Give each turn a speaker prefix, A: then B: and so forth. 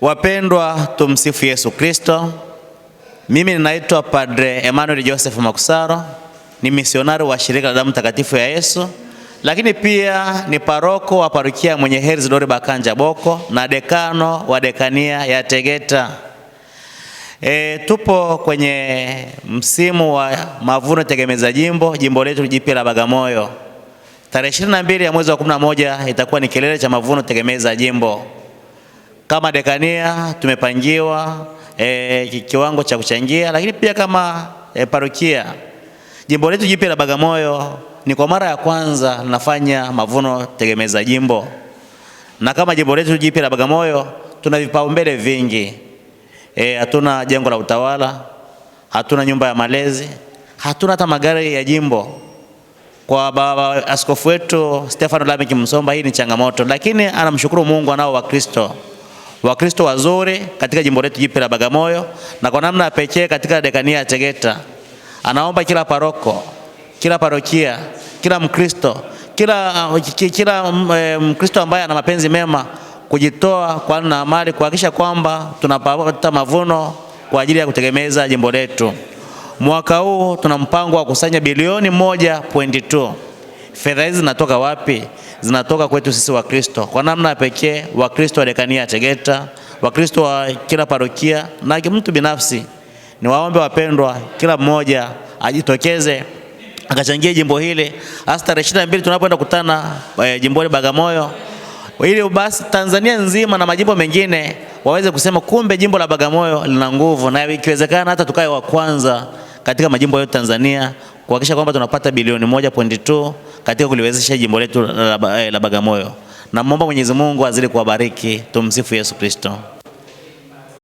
A: Wapendwa, tumsifu Yesu Kristo. Mimi ninaitwa Padre Emmanuel Joseph Makusaro, ni misionari wa shirika la damu takatifu ya Yesu, lakini pia ni paroko wa parokia Mwenye Heri Isidori Bakanja Boko na dekano wa dekania ya Tegeta. E, tupo kwenye msimu wa mavuno tegemeza jimbo, jimbo letu jipya la Bagamoyo. Tarehe 22 ya mwezi wa 11 itakuwa ni kilele cha mavuno tegemeza jimbo kama dekania tumepangiwa e, kiwango cha kuchangia, lakini pia kama e, parokia. Jimbo letu jipya la Bagamoyo ni kwa mara ya kwanza nafanya mavuno tegemeza jimbo, na kama jimbo letu jipya la Bagamoyo tuna vipaumbele vingi. E, hatuna jengo la utawala, hatuna nyumba ya malezi, hatuna hata magari ya jimbo. Kwa baba askofu wetu Stefano Lameki Msomba, hii ni changamoto, lakini anamshukuru Mungu, anao Wakristo Wakristo wazuri katika jimbo letu jipya la Bagamoyo na kwa namna pekee katika dekania ya Tegeta. Anaomba kila paroko, kila parokia, kila Mkristo, kila uh, kila mm, eh, Mkristo ambaye ana mapenzi mema kujitoa kwa na amali kuhakikisha kwamba tunapata mavuno kwa ajili ya kutegemeza jimbo letu. Mwaka huu tuna mpango wa kusanya bilioni moja pointi mbili Fedha hizi zinatoka wapi? Zinatoka kwetu sisi Wakristo. Kwa namna pekee Wakristo wa dekania ya Tegeta, Wakristo wa kila parokia na mtu binafsi. Ni waombe wapendwa, kila mmoja ajitokeze akachangia jimbo hili, hasa tarehe mbili tunapoenda kutana e, eh, jimboni Bagamoyo, ili basi Tanzania nzima na majimbo mengine waweze kusema kumbe jimbo la Bagamoyo lina nguvu, na ikiwezekana hata tukae wa kwanza katika majimbo yote Tanzania kuhakikisha kwamba tunapata bilioni moja pointi katika kuliwezesha jimbo letu eh, la Bagamoyo. Namwomba Mwenyezi Mungu azidi kuwabariki. Tumsifu Yesu Kristo.